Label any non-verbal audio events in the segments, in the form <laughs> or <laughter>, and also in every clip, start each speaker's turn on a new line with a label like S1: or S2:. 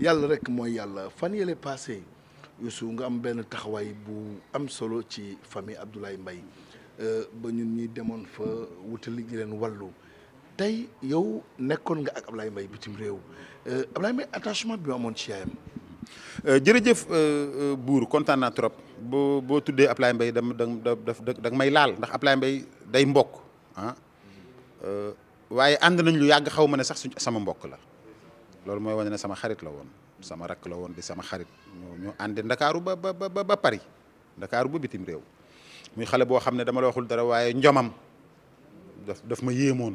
S1: yàlla rek mooy yàlla fan yële passé Youssou nga am benn taxawaay bu am solo ci famille Abdoulaye Mbaye euh, ba ñun ñi demoon fa wutali ñi leen wàllu tey yow nekkoon nga ak Abdoulaye Mbaye bitim réew euh, Abdoulaye Mbaye attachement bi mu amoon ci yaayam. Euh, jërëjëf buur kontaan naa trop boo boo tuddee Abdoulaye Mbaye dam da da may laal ndax Abdoulaye Mbaye day mbokk ah waaye ànd nañ lu yàgg xaw ma ne sax su sama mbokk la. loolu mooy wane ne sama xarit la woon sama rakk la woon di sama xarit ñu ànd ndakaaru ba ba ba ba ndakaaru ba bitim réew muy xale boo xam ne dama la waxul dara waaye njomam daf daf ma yéemoon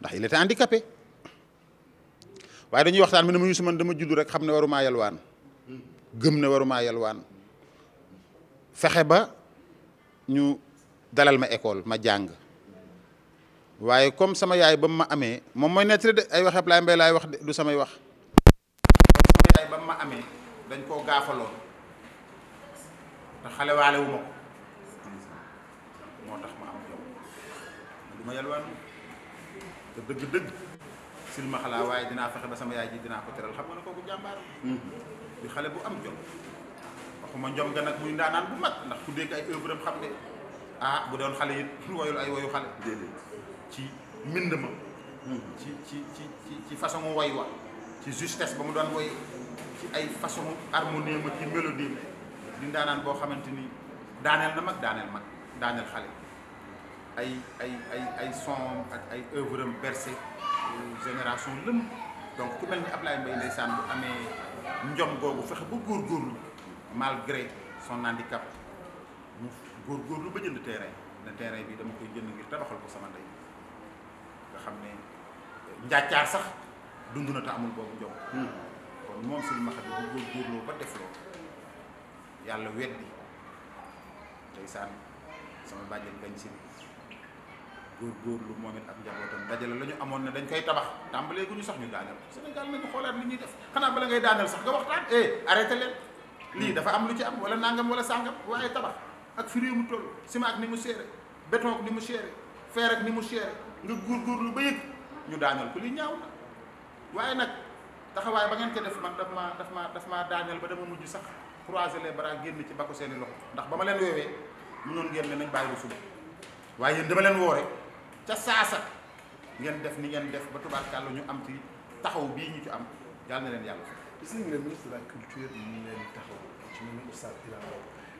S1: ndax il était handicapé waaye dañuy waxtaan mi ne mu ñu man dama juddu rek xam ne warumaa yalwaan gëm ne warumaa yalwaan fexe ba ñu dalal ma école ma jàng waaye comme sama yaay ba mu ma amee moom mooy nettali de ay waxeeb laay mbay laay wax de du samay wax sama yaay ba mu ma amee dañ koo gaafaloon te xale waale wu ma ko ma am yow du ma yalwaan te dëgg-dëgg silma xalaa sama yaay ji dinaa ko xam nga ne kooku jàmbaar hmm. bu am jom waxuma njom ga nag muy ndaanaan bu mag ndax ku dégg ay œuvre am xam ne ah bu doon xale it <laughs> wayul ay wayu xale ci mbind ma mhm. ci ci ci ci façon woy ci justesse ba mu doon woy ci ay façon harmonie ma ci mélodie ma di ndaanaan boo xamante ni daaneel na mag daaneel mag daaneel xale ay ay ay ay son ak ay œuvre am bercé génération lëm donc ku mel ni ab Ablaye Mbaye ndeysaan bu amee njom googu fexe ba góorgóorlu malgré son handicap mu góorgóorlu ba jënd terrain ne terrain bi dama koy jënd ngir tabaxal ko sama ndey xam njàccaar sax dund na te amul boobu njom hmm. kon moom si Maxat bu góorgóorloo ba def loolu yàlla weddi ndeysaan sama bàjjen gañ si góorgóorlu moom it ak njabootam dajale la ñu amoon ne dañ koy tabax tàmbalee gu ñu sax ñu daaneel Sénégal nañu xoolaat li ñuy def xanaa bala ngay daaneel sax nga waxtaan eh arrêté hmm. lii dafa am lu ci am wala nàngam walla sàngam waaye tabax ak fi mu toll ciment ni mu seere béton ak ni mu seere fer ni mu seere nga lu ba yëg ñu daaneel ko li ñaaw na waaye nag taxawaay ba ngeen ca def man daf maa daf maa daf maa daaneel ba dama mujj sax croiser les bras génn ci bakku seeni loxo ndax ba ma leen woowee mënoon ngeen ne nañ bàyyi ba suba waaye yéen dama leen woore ca saasa ngeen def ni ngeen def ba tubaarkàlla ñu am ci taxaw bii ñu ci am yàlla na leen yàlla. gis nañ ne ministre de la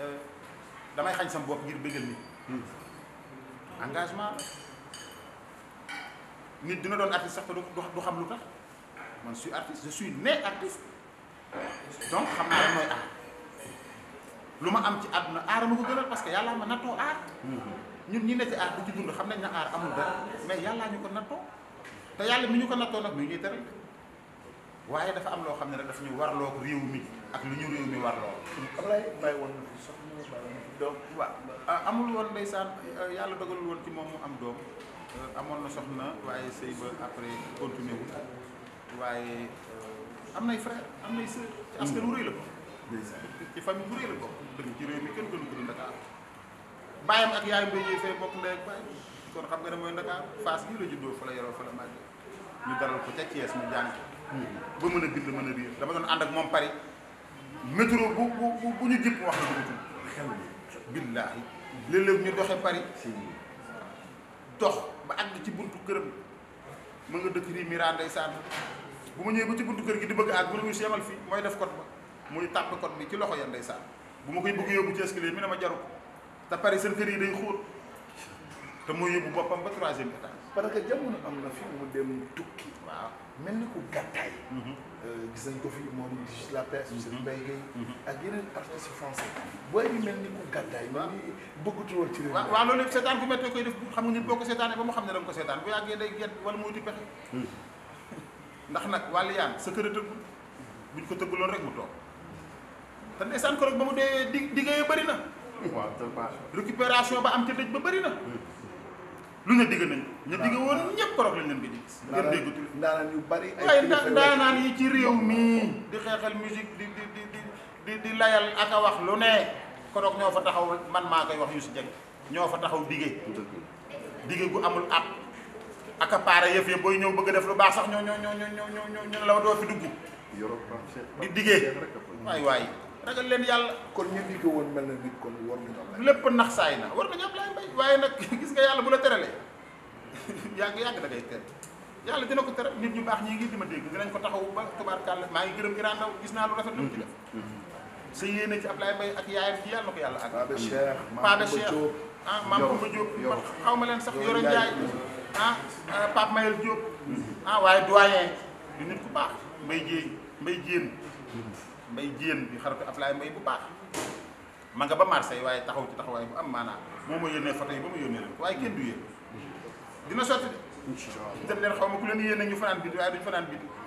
S1: Euh, damay xañ sa bopp ngir bëggal nit hmm. engagement nit dina doon artiste sax te du xam lu tax man suis artiste je suis né donc xam naa lan mooy aar lu ma am ci àdduna aar ma ko gënal parce que yàllaa ma nattoo aar hmm. ñun ñi ne ci aar du ci dund xam nañ na aar amul dara mais yàllaa ñu ko nattoo te yàlla mu ñu ko nattoo nag muy ñuy tere waaye dafa am loo xam ne rek dafa ñu warloo ko réew mi ak lu ñu réew mi warloo. Ablaye bàyyi woon na fi soxna bàyyi woon doom. waaw ah, amul woon ndeysaan euh, yàlla dogalul woon ci moom mu am doom euh, amoon na soxna waaye sëy ba après continué wul waaye euh, am nay frère am nay sœur. ci askan wu rëy la ko. ci famille bu rëy la ko. dëgg ci réew mi kenn gënu ko du Dakar bàyyam ak yaayam bay yéefee bokk ndey bàyyi kon xam nga ne mooy Dakar Fass gii la juddoo fa la yoroo fa la màggee ñu daral ko ca Thiès mu jàng ba mën a bind mën a dama ak bu bu bu ñu wax na dugg tudd billaahi ñu doxe Paris dox ba àgg ci buntu këram ma nga dëkk rii Mira ndeysaan bu ma ba ci buntu kër gi di bëgg àgg mu ne si yemal fii def code ba muy code bi ci loxo ya koy bëgg ci escalier mi ma jaru kër yi day te ba étage parce que jamono am na fi mu dem tukki. waaw mel ni ku gàttaay. Mhm. Euh, gis nañ ko fi moom Régis Lapès. Serigne mhm. Mbaye Guèye. Mhm. ak yeneen artistes français. booy bi mel ni ku gàttaay. waaw ñu bëggatul woon ci réew mi. waaw waaw loolu seetaan ku méttee koy def xam nga nit boo ko seetaanee ba mu xam ne da nga ko hmm. ndax nag wàllu yaan sa kër a tëggul buñ rek mu toog te ndeysaan ko rek ba mu dee di diggéeyee bëri na. waaw récupération ba am ca dëj ba bëri na. Hmm. lu ne digg nañ ñu digg woon ñëpp korog lañ leen di digg ngeen déggatul ndaanaan yu bari ay ndaanaan yi ci réew mii di xeexal musique di di di di di layal ak a wax lu ne korog ñoo fa taxaw man maa koy wax yu si jëg ñoo fa taxaw digge digge gu amul at ak a paare yëf ya booy ñëw bëgg a def lu baax sax ñoo ñoo ñoo ñoo ñoo ñoo ñoo la doo fi dugg di digge waay waay ragal leen yàlla kon ñu di ko woon mel na nit kon war am na war nañu am laay mbay waaye <laughs> gis nga yàlla bu la teralee <laughs> yàgg yàgg da ngay ter yàlla dina ko teral nit ñu baax ñii ngi di ma dégg dinañ ko taxaw ba tubaarkàlla maa ngi gërëm Iran Ndao gis naa lu rafet lu ci def mm-hmm. Mm-hmm. sa yéene ci Ablaye Mbaye ak yaayam ko ak Cheikh Cheikh ah Mame Koumba Diop xaw sax Yoro ah, ah pap Mayel mm-hmm. ah waaye doyen di nit ku baax mbay jéen bi xaritu Ablaye mbay bu baax ma nga ba Marseille waaye taxaw ci taxawaay bu am maanaam moo ma yónnee photo yi ba ma yónnee leen waaye kenn du yéen dina sotti de. incha allah leen xaw ma ku leen yéene ñu fanaan bitti waaye duñ fanaan bitti.